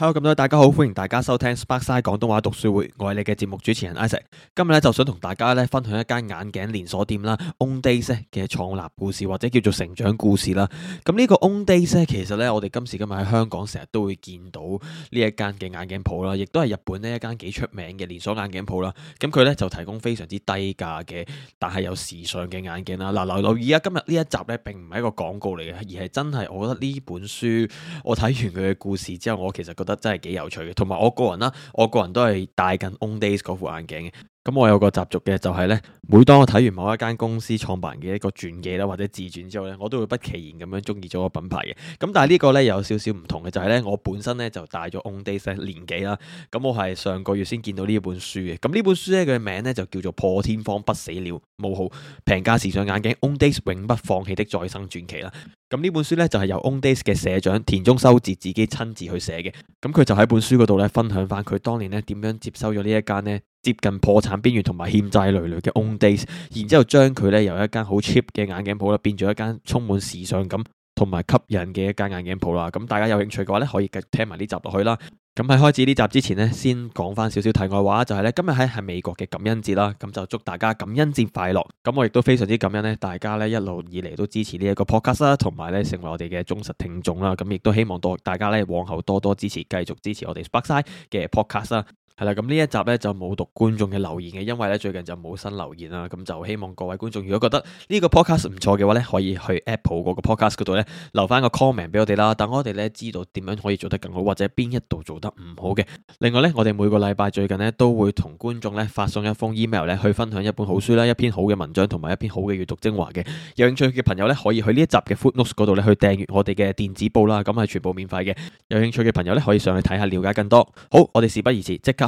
Hello 咁多位大家好，歡迎大家收聽 Sparkside 廣東話讀書會，我係你嘅節目主持人 Isaac。今日咧就想同大家咧分享一間眼鏡連鎖店啦，On Days 嘅創立故事或者叫做成長故事啦。咁、這、呢個 On Days 咧，其實咧我哋今時今日喺香港成日都會見到呢一間嘅眼鏡鋪啦，亦都係日本呢一間幾出名嘅連鎖眼鏡鋪啦。咁佢咧就提供非常之低價嘅，但係有時尚嘅眼鏡啦。嗱，留留意啊，今日呢一集咧，並唔係一個廣告嚟嘅，而係真係，我覺得呢本書我睇完佢嘅故事之後，我其實得真係幾有趣嘅，同埋我個人啦，我個人都係戴緊 OnDays 嗰副眼鏡嘅。咁我有個習俗嘅就係呢：每當我睇完某一間公司創辦人嘅一個傳記啦，或者自傳之後呢，我都會不其然咁樣中意咗個品牌嘅。咁但係呢個呢，有少少唔同嘅，就係呢：我本身呢，就大咗 OnDays 嘅年紀啦。咁我係上個月先見到呢本書嘅。咁呢本書呢，佢嘅名呢，就叫做《破天荒不死鳥》，冒號平價時尚眼鏡 OnDays 永不放棄的再生傳奇啦。咁呢本書呢，就係由 OnDays 嘅社長田中修治自己親自去寫嘅。咁佢就喺本書嗰度呢，分享翻佢當年呢點樣接收咗呢一間呢。接近破產邊緣同埋欠債累累嘅 Owndays，然之後將佢咧由一間好 cheap 嘅眼鏡鋪啦，變咗一間充滿時尚感同埋吸引嘅一間眼鏡鋪啦。咁大家有興趣嘅話咧，可以繼續聽埋呢集落去啦。咁喺開始呢集之前咧，先講翻少少題外話，就係、是、咧今日喺係美國嘅感恩節啦。咁就祝大家感恩節快樂。咁我亦都非常之感恩咧，大家咧一路以嚟都支持呢一個 Podcast 同埋咧成為我哋嘅忠實聽眾啦。咁亦都希望多大家咧往後多多支持，繼續支持我哋 Sparkside 嘅 Podcast 啦。係啦，咁呢、嗯、一集咧就冇讀觀眾嘅留言嘅，因為咧最近就冇新留言啦。咁就希望各位觀眾如果覺得呢個 podcast 唔錯嘅話咧，可以去 Apple 嗰 Pod 個 podcast 度咧留翻個 comment 俾我哋啦，等我哋咧知道點樣可以做得更好，或者邊一度做得唔好嘅。另外咧，我哋每個禮拜最近咧都會同觀眾咧發送一封 email 咧去分享一本好書啦，一篇好嘅文章同埋一篇好嘅閱讀精華嘅。有興趣嘅朋友咧可以去呢一集嘅 Footnotes 度咧去訂閱我哋嘅電子報啦，咁係全部免費嘅。有興趣嘅朋友咧可以上去睇下，了解更多。好，我哋事不宜遲，即刻。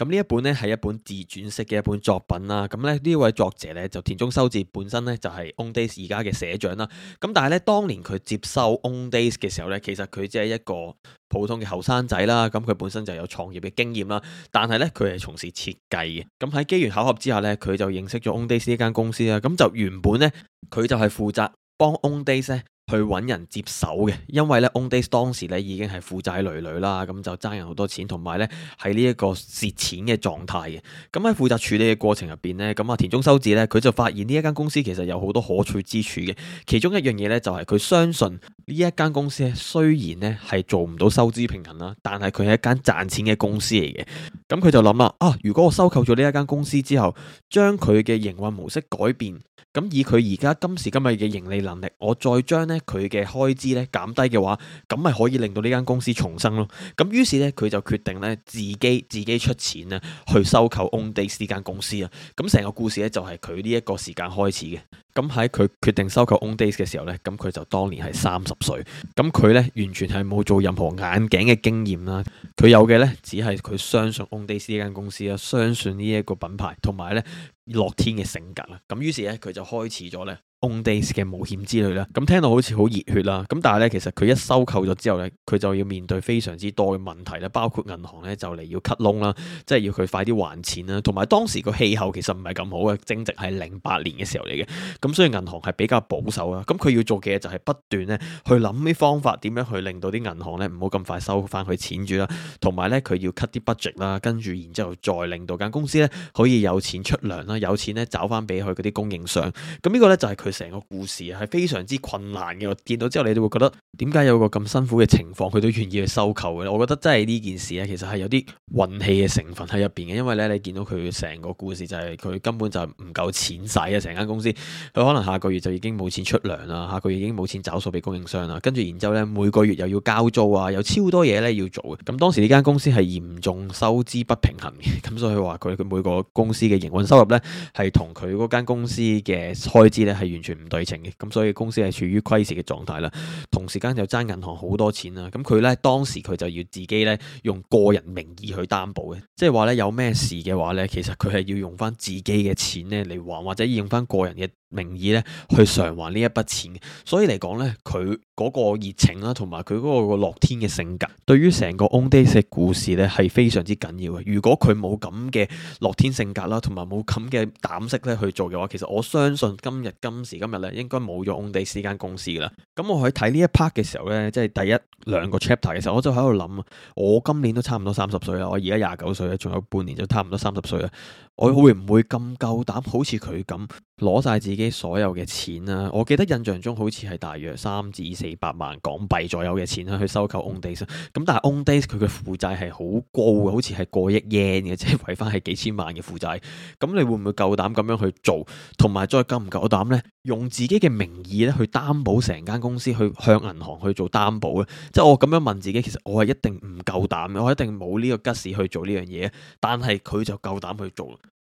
咁呢一本咧係一本自傳式嘅一本作品啦。咁咧呢位作者咧就田中修治，本身咧就係 OnDays 而家嘅社長啦。咁但係咧當年佢接收 OnDays 嘅時候咧，其實佢只係一個普通嘅後生仔啦。咁佢本身就有創業嘅經驗啦，但係咧佢係從事設計嘅。咁喺機緣巧合之下咧，佢就認識咗 OnDays 呢間公司啦。咁就原本咧佢就係負責幫 OnDays 咧。去揾人接手嘅，因為呢 OnDays 當時呢已經係負債累累啦，咁就爭人好多錢，同埋呢喺呢一個蝕錢嘅狀態嘅。咁喺負責處理嘅過程入邊呢，咁啊田中修治呢，佢就發現呢一間公司其實有好多可取之處嘅。其中一樣嘢呢，就係佢相信呢一間公司咧，雖然呢係做唔到收支平衡啦，但係佢係一間賺錢嘅公司嚟嘅。咁佢就諗啦，啊，如果我收購咗呢一間公司之後，將佢嘅營運模式改變，咁以佢而家今時今日嘅盈利能力，我再將咧佢嘅開支咧減低嘅話，咁咪可以令到呢間公司重生咯。咁於是咧，佢就決定咧自己自己出錢咧去收購 OnDays 呢間公司啊。咁成個故事咧就係佢呢一個時間開始嘅。咁喺佢決定收購 OnDays 嘅時候咧，咁佢就當年係三十歲，咁佢咧完全係冇做任何眼鏡嘅經驗啦。佢有嘅咧只係佢相信 d a 呢間公司啦，相信呢一個品牌同埋咧樂天嘅性格啦，咁於是咧佢就開始咗咧。on days 嘅冒險之類啦，咁聽到好似好熱血啦，咁但係咧其實佢一收購咗之後咧，佢就要面對非常之多嘅問題啦，包括銀行咧就嚟要 cut 窿啦，即係要佢快啲還錢啦，同埋當時個氣候其實唔係咁好啊，正值係零八年嘅時候嚟嘅，咁所以銀行係比較保守啊，咁佢要做嘅嘢就係不斷咧去諗啲方法點樣去令到啲銀行咧唔好咁快收翻佢錢住啦，同埋咧佢要 cut 啲 budget 啦，跟住然之後再令到間公司咧可以有錢出糧啦，有錢咧找翻俾佢嗰啲供應商，咁呢個咧就係佢。成個故事係非常之困難嘅，我見到之後你都會覺得點解有個咁辛苦嘅情況，佢都願意去收購嘅咧？我覺得真係呢件事咧，其實係有啲運氣嘅成分喺入邊嘅，因為咧你見到佢成個故事就係佢根本就唔夠錢使啊！成間公司，佢可能下個月就已經冇錢出糧啦，下個月已經冇錢找數俾供應商啦，跟住然之後咧每個月又要交租啊，有超多嘢，咧要做。咁當時呢間公司係嚴重收支不平衡嘅，咁所以話佢每個公司嘅營運收入咧係同佢嗰間公司嘅開支咧係完全唔對稱嘅，咁所以公司係處於虧蝕嘅狀態啦。同時間就爭銀行好多錢啦。咁佢咧，當時佢就要自己咧，用個人名義去擔保嘅，即係話咧有咩事嘅話咧，其實佢係要用翻自己嘅錢咧嚟還，或者要用翻個人嘅。名義咧去償還呢一筆錢，所以嚟講咧，佢嗰個熱情啦，同埋佢嗰個樂天嘅性格，對於成個 OnDays 故事咧係非常之緊要嘅。如果佢冇咁嘅樂天性格啦，同埋冇咁嘅膽識咧去做嘅話，其實我相信今日今時今日咧，應該冇咗 OnDays 呢間公司啦。咁我喺睇呢一 part 嘅時候咧，即係第一兩個 chapter 嘅時候，我就喺度諗，我今年都差唔多三十歲啦，我而家廿九歲啦，仲有半年就差唔多三十歲啦，我會唔會咁夠膽好似佢咁？攞晒自己所有嘅錢啦，我記得印象中好似係大約三至四百萬港幣左右嘅錢啦，去收購 OnDays 咁，但係 OnDays 佢嘅負債係好高嘅，好似係過億日圓嘅，即係維翻係幾千萬嘅負債。咁你會唔會夠膽咁樣去做？同埋再夠唔夠膽呢？用自己嘅名義咧去擔保成間公司去向銀行去做擔保咧？即係我咁樣問自己，其實我係一定唔夠膽，我一定冇呢個吉士去做呢樣嘢。但係佢就夠膽去做。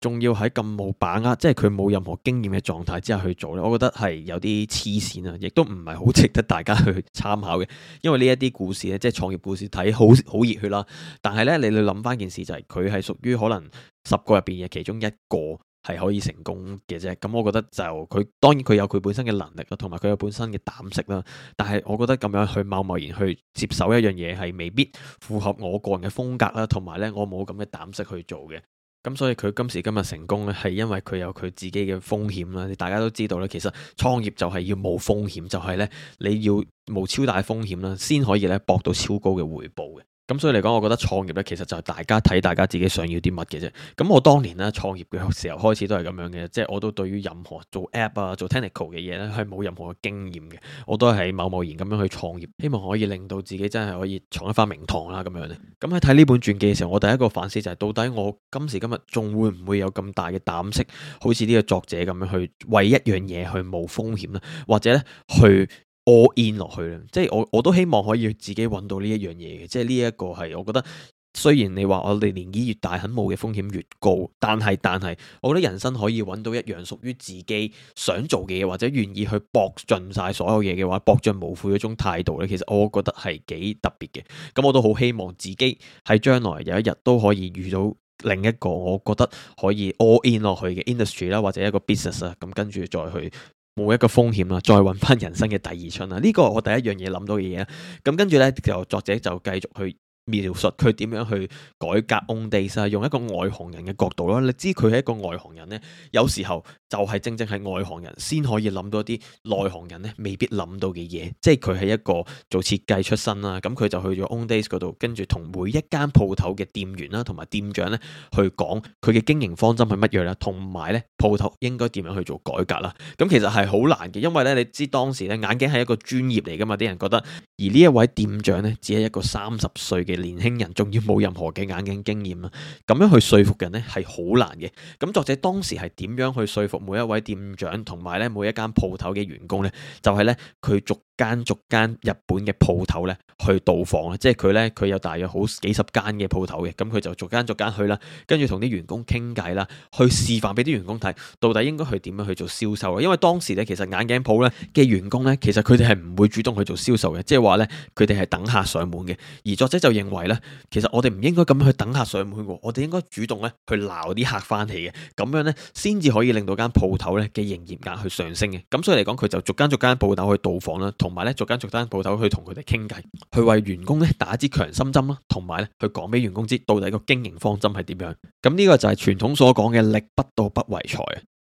仲要喺咁冇把握，即係佢冇任何經驗嘅狀態之下去做咧，我覺得係有啲黐線啊，亦都唔係好值得大家去參考嘅。因為呢一啲故事咧，即係創業故事睇好好熱血啦。但係呢，你去諗翻件事就係佢係屬於可能十個入邊嘅其中一個係可以成功嘅啫。咁、嗯、我覺得就佢當然佢有佢本身嘅能力啦，同埋佢有本身嘅膽識啦。但係我覺得咁樣去貿貿然去接手一樣嘢係未必符合我個人嘅風格啦，同埋呢，我冇咁嘅膽識去做嘅。咁所以佢今時今日成功咧，係因為佢有佢自己嘅風險啦。大家都知道咧，其實創業就係要冒風險，就係、是、咧你要冒超大風險啦，先可以咧博到超高嘅回報嘅。咁所以嚟講，我覺得創業咧，其實就係大家睇大家自己想要啲乜嘅啫。咁我當年咧創業嘅時候開始都係咁樣嘅，即係我都對於任何做 app 啊、做 technical 嘅嘢咧係冇任何嘅經驗嘅，我都係貿貿然咁樣去創業，希望可以令到自己真係可以闖一番名堂啦咁樣咧。咁喺睇呢本傳記嘅時候，我第一個反思就係到底我今時今日仲會唔會有咁大嘅膽識，好似呢個作者咁樣去為一樣嘢去冒風險啊，或者咧去。all in 落去啦，即係我我都希望可以自己揾到呢一樣嘢嘅，即係呢一個係我覺得雖然你話我哋年紀越大，肯冇嘅風險越高，但係但係，我覺得人生可以揾到一樣屬於自己想做嘅嘢，或者願意去搏盡晒所有嘢嘅話，搏盡無悔嗰種態度咧，其實我覺得係幾特別嘅。咁我都好希望自己喺將來有一日都可以遇到另一個我覺得可以 all in 落去嘅 industry 啦，或者一個 business 啦，咁跟住再去冇一個風險啦，再搵翻人生嘅第二春啦。呢個係我第一樣嘢諗到嘅嘢啊。咁跟住呢，就作者就繼續去描述佢點樣去改革 OnDays，用一個外行人嘅角度啦。你知佢係一個外行人呢，有時候就係正正係外行人先可以諗到啲內行人呢未必諗到嘅嘢。即係佢係一個做設計出身啦，咁佢就去咗 OnDays 嗰度，跟住同每一間鋪頭嘅店員啦，同埋店長呢去講佢嘅經營方針係乜嘢啦，同埋呢。鋪頭應該點樣去做改革啦？咁其實係好難嘅，因為咧你知當時咧眼鏡係一個專業嚟噶嘛，啲人覺得而呢一位店長咧只係一個三十歲嘅年輕人，仲要冇任何嘅眼鏡經驗啦，咁樣去說服人咧係好難嘅。咁作者當時係點樣去說服每一位店長同埋咧每一間鋪頭嘅員工咧？就係咧佢逐。間逐間日本嘅鋪頭咧去到訪啊，即係佢咧佢有大約好幾十間嘅鋪頭嘅，咁佢就逐間逐間去啦，跟住同啲員工傾偈啦，去示範俾啲員工睇，到底應該去點樣去做銷售啊。因為當時咧其實眼鏡鋪咧嘅員工咧，其實佢哋係唔會主動去做銷售嘅，即係話咧佢哋係等客上門嘅。而作者就認為咧，其實我哋唔應該咁樣去等客上門喎，我哋應該主動咧去鬧啲客返嚟嘅，咁樣咧先至可以令到間鋪頭咧嘅營業額去上升嘅。咁所以嚟講，佢就逐間逐間鋪頭去到訪啦，同埋咧，逐間逐間鋪頭去同佢哋傾偈，去為員工咧打支強心針啦，同埋咧去講俾員工知到底個經營方針係點樣。咁呢個就係傳統所講嘅力不到不為財。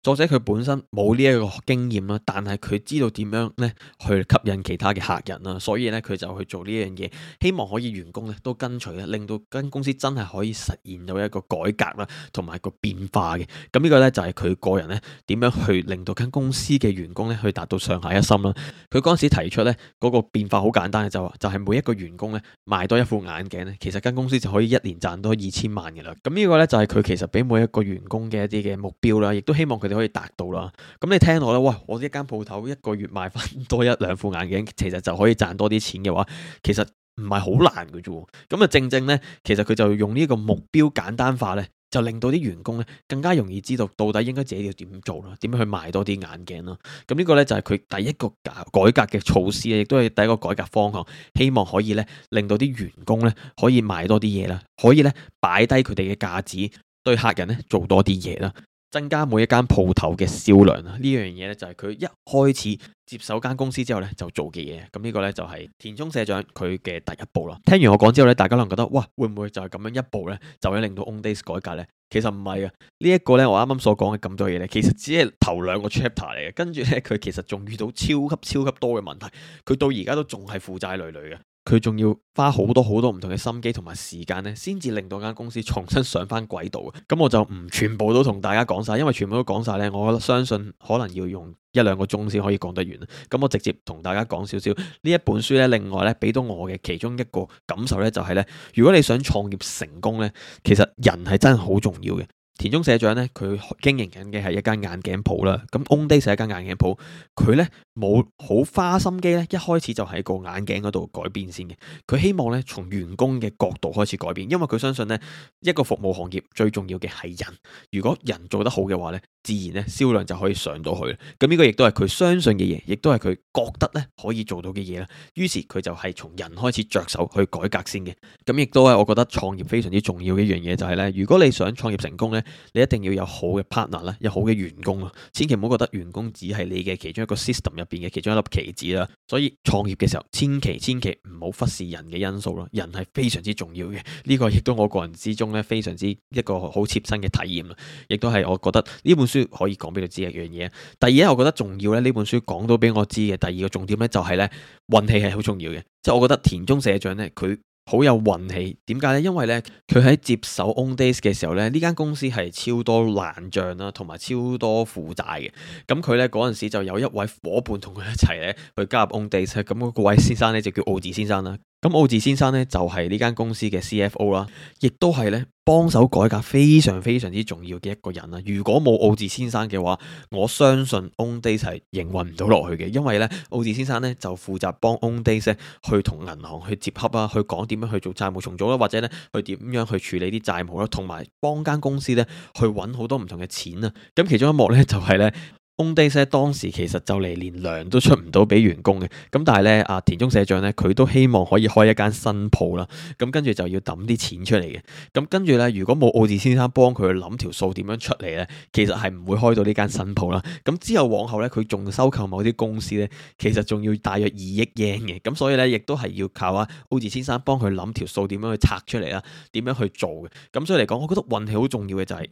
作者佢本身冇呢一個經驗啦，但係佢知道點樣咧去吸引其他嘅客人啦，所以呢，佢就去做呢樣嘢，希望可以員工咧都跟隨咧，令到間公司真係可以實現到一個改革啦，同埋個變化嘅。咁呢個呢，就係、係、佢個人咧點樣去令到間公司嘅員工咧去達到上下一心啦。佢嗰陣時提出呢嗰、嗰個變化好簡單嘅、就係，就話就係每一個員工咧賣多一副眼鏡咧，其實間公司就可以一年賺多二千萬嘅啦。咁呢個呢，就係、係、佢其實俾每一個員工嘅一啲嘅目標啦，亦都希望佢哋可以達到啦。咁你聽我咧，哇！我一間鋪頭一個月賣翻多一兩副眼鏡，其實就可以賺多啲錢嘅話，其實唔係好難嘅啫。咁啊，正正呢？其實佢就用呢個目標簡單化呢，就令到啲員工呢更加容易知道到底應該自己要點做啦，點樣去賣多啲眼鏡啦。咁呢個呢，就係、是、佢第一個改革嘅措施，亦都係第一個改革方向，希望可以呢，令到啲員工呢可以賣多啲嘢啦，可以呢，擺低佢哋嘅架子，對客人呢做多啲嘢啦。增加每一間鋪頭嘅銷量啊。呢樣嘢咧，就係佢一開始接手間公司之後咧，就做嘅嘢。咁呢個咧，就係田中社長佢嘅第一步啦。聽完我講之後咧，大家可能覺得哇，會唔會就係咁樣一步咧，就會令到 OnDays 改革咧？其實唔係啊。呢一個咧，我啱啱所講嘅咁多嘢咧，其實只係頭兩個 chapter 嚟嘅。跟住咧，佢其實仲遇到超級超級多嘅問題，佢到而家都仲係負債累累嘅。佢仲要花好多好多唔同嘅心機同埋時間咧，先至令到間公司重新上翻軌道嘅。咁我就唔全部都同大家講晒，因為全部都講晒咧，我相信可能要用一兩個鐘先可以講得完。咁我直接同大家講少少，呢一本書咧，另外咧俾到我嘅其中一個感受咧，就係咧，如果你想創業成功咧，其實人係真係好重要嘅。田中社長咧，佢經營緊嘅係一間眼鏡鋪啦。咁 On Day 係一間眼鏡鋪，佢咧冇好花心機咧，一開始就喺個眼鏡嗰度改變先嘅。佢希望咧從員工嘅角度開始改變，因為佢相信咧一個服務行業最重要嘅係人。如果人做得好嘅話咧，自然咧銷量就可以上到去。咁呢個亦都係佢相信嘅嘢，亦都係佢覺得咧可以做到嘅嘢啦。於是佢就係從人開始着手去改革先嘅。咁亦都係我覺得創業非常之重要嘅一樣嘢，就係咧如果你想創業成功咧。你一定要有好嘅 partner 咧，有好嘅員工咯，千祈唔好覺得員工只係你嘅其中一個 system 入邊嘅其中一粒棋子啦。所以創業嘅時候，千祈千祈唔好忽視人嘅因素咯，人係非常之重要嘅。呢個亦都我個人之中咧非常之一個好切身嘅體驗，亦都係我覺得呢本書可以講俾你知一樣嘢。第二，我覺得重要咧，呢本書講到俾我知嘅第二個重點咧，就係咧運氣係好重要嘅，即係我覺得田中社長咧佢好有運氣，點解呢？因為呢，佢喺接手 OnDays 嘅時候呢，呢間公司係超多爛賬啦，同埋超多負債嘅。咁佢呢嗰陣時就有一位夥伴同佢一齊呢去加入 OnDays，咁嗰位先生呢，就叫奧智先生啦。咁奧智先生咧就係呢間公司嘅 CFO 啦，亦都係咧幫手改革非常非常之重要嘅一個人啦、啊。如果冇奧智先生嘅話，我相信 OnDays 係營運唔到落去嘅，因為咧奧智先生咧就負責幫 OnDays 去同銀行去接洽啊，去講點樣去做債務重組啦、啊，或者咧去點樣去處理啲債務啦，同埋幫間公司咧去搵好多唔同嘅錢啊。咁其中一幕咧就係咧。on d a y 當時其實就嚟連糧都出唔到俾員工嘅，咁但係咧，阿田中社長咧，佢都希望可以開一間新鋪啦，咁跟住就要抌啲錢出嚟嘅，咁跟住咧，如果冇奧治先生幫佢去諗條數點樣出嚟咧，其實係唔會開到呢間新鋪啦，咁之後往後咧，佢仲收購某啲公司咧，其實仲要大約二億日圓嘅，咁所以咧，亦都係要靠阿奧治先生幫佢諗條數點樣去拆出嚟啦，點樣去做嘅，咁所以嚟講，我覺得運氣好重要嘅就係、是。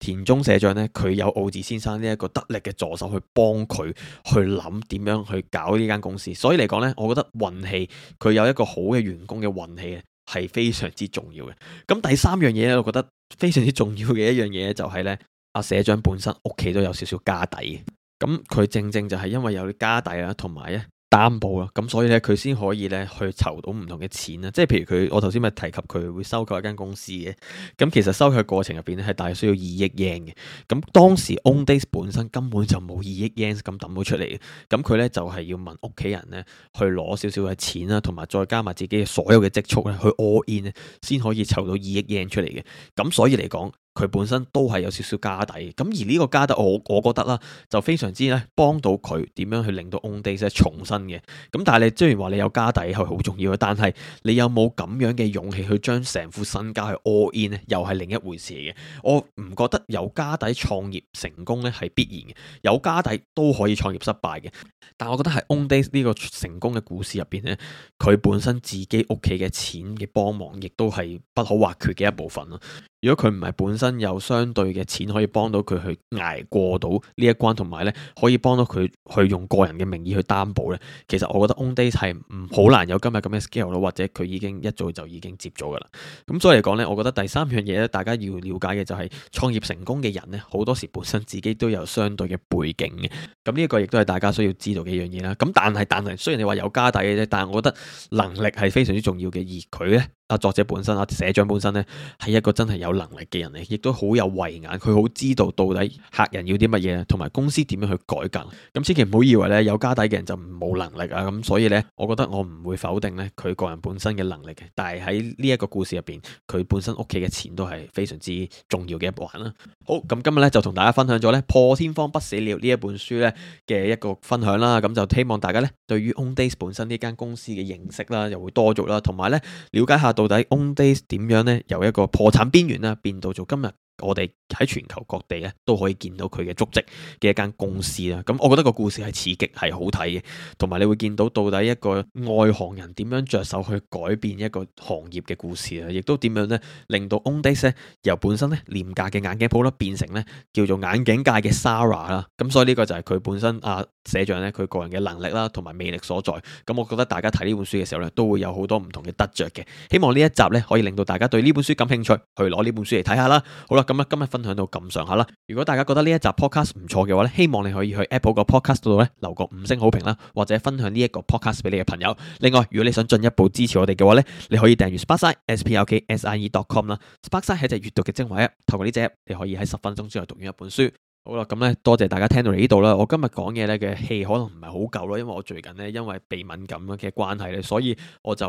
田中社長咧，佢有奧治先生呢一個得力嘅助手去幫佢去諗點樣去搞呢間公司，所以嚟講呢，我覺得運氣，佢有一個好嘅員工嘅運氣係非常之重要嘅。咁第三樣嘢咧，我覺得非常之重要嘅一樣嘢就係呢阿、啊、社長本身屋企都有少少家底，咁佢正正就係因為有啲家底啦，同埋咧。擔保啊，咁所以咧，佢先可以咧去籌到唔同嘅錢啊。即係譬如佢，我頭先咪提及佢會收購一間公司嘅，咁其實收購過程入邊咧係大約需要二億 yen 嘅，咁當時 OnDays 本身根本就冇二億 yen 咁抌到出嚟，咁佢咧就係要問屋企人咧去攞少少嘅錢啦，同埋再加埋自己嘅所有嘅積蓄咧去 all in 咧，先可以籌到二億 yen 出嚟嘅，咁所以嚟講，佢本身都係有少少家底，咁而呢個家底我我覺得啦、啊，就非常之咧幫到佢點樣去令到 OnDays 重生嘅。咁但係你雖然話你有家底係好重要嘅，但係你有冇咁樣嘅勇氣去將成副身家去 all in 咧，又係另一回事嘅。我唔覺得有家底創業成功呢係必然嘅，有家底都可以創業失敗嘅。但我覺得係 OnDays 呢個成功嘅故事入邊呢，佢本身自己屋企嘅錢嘅幫忙，亦都係不可或缺嘅一部分咯。如果佢唔係本身有相對嘅錢可以幫到佢去捱過到呢一關，同埋呢可以幫到佢去用個人嘅名義去擔保呢。其實我覺得 On Day 係唔好難有今日咁嘅 scale 或者佢已經一早就已經接咗噶啦。咁所以嚟講呢，我覺得第三樣嘢咧，大家要了解嘅就係、是、創業成功嘅人呢，好多時本身自己都有相對嘅背景嘅。咁呢一個亦都係大家需要知道嘅一樣嘢啦。咁但係但係雖然你話有家底嘅啫，但係我覺得能力係非常之重要嘅，而佢呢。啊！作者本身啊，社長本身咧，係一個真係有能力嘅人嚟，亦都好有慧眼，佢好知道到底客人要啲乜嘢，同埋公司點樣去改革。咁千祈唔好以為咧有家底嘅人就冇能力啊！咁所以咧，我覺得我唔會否定咧佢個人本身嘅能力嘅。但係喺呢一個故事入邊，佢本身屋企嘅錢都係非常之重要嘅一環啦。好，咁今日咧就同大家分享咗咧《破天荒不死鳥》呢一本書咧嘅一個分享啦。咁就希望大家咧對於 OnDays 本身呢間公司嘅認識啦，又會多咗啦，同埋咧了解下。到底 OnDays 點樣咧？由一個破產邊緣啦，變到做今日，我哋喺全球各地咧都可以見到佢嘅足跡嘅一間公司啦，咁、嗯、我覺得個故事係刺激，係好睇嘅，同埋你會見到到底一個外行人點樣着手去改變一個行業嘅故事啊，亦都點樣咧令到 On Days 由本身咧廉價嘅眼鏡鋪啦變成咧叫做眼鏡界嘅 Zara 啦、嗯，咁所以呢個就係佢本身啊社長咧佢個人嘅能力啦同埋魅力所在，咁、嗯、我覺得大家睇呢本書嘅時候咧都會有好多唔同嘅得着嘅，希望呢一集咧可以令到大家對呢本書感興趣，去攞呢本書嚟睇下啦，好啦。咁咧今日分享到咁上下啦。如果大家覺得呢一集 podcast 唔錯嘅話咧，希望你可以去 Apple 個 podcast 度咧留個五星好評啦，或者分享呢一個 podcast 俾你嘅朋友。另外，如果你想進一步支持我哋嘅話咧，你可以訂閱 Sparksine s p a r k s i n e dot com 啦。Sparksine 係一隻閱讀嘅精華啊，透過呢隻你可以喺十分鐘之內讀完一本書。好啦，咁咧多謝大家聽到嚟呢度啦。我今日講嘢咧嘅氣可能唔係好夠啦，因為我最近咧因為鼻敏感嘅關係咧，所以我就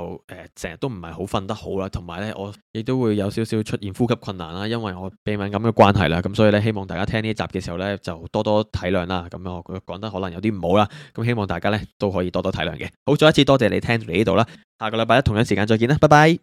誒，成日都唔係好瞓得好啦，同埋咧我亦都會有少少出現呼吸困難啦，因為我鼻敏感嘅關係啦。咁所以咧希望大家聽呢集嘅時候咧就多多體諒啦。咁樣我覺得講得可能有啲唔好啦，咁希望大家咧都可以多多體諒嘅。好，再一次多謝你聽到嚟呢度啦。下個禮拜一同樣時間再見啦，拜拜。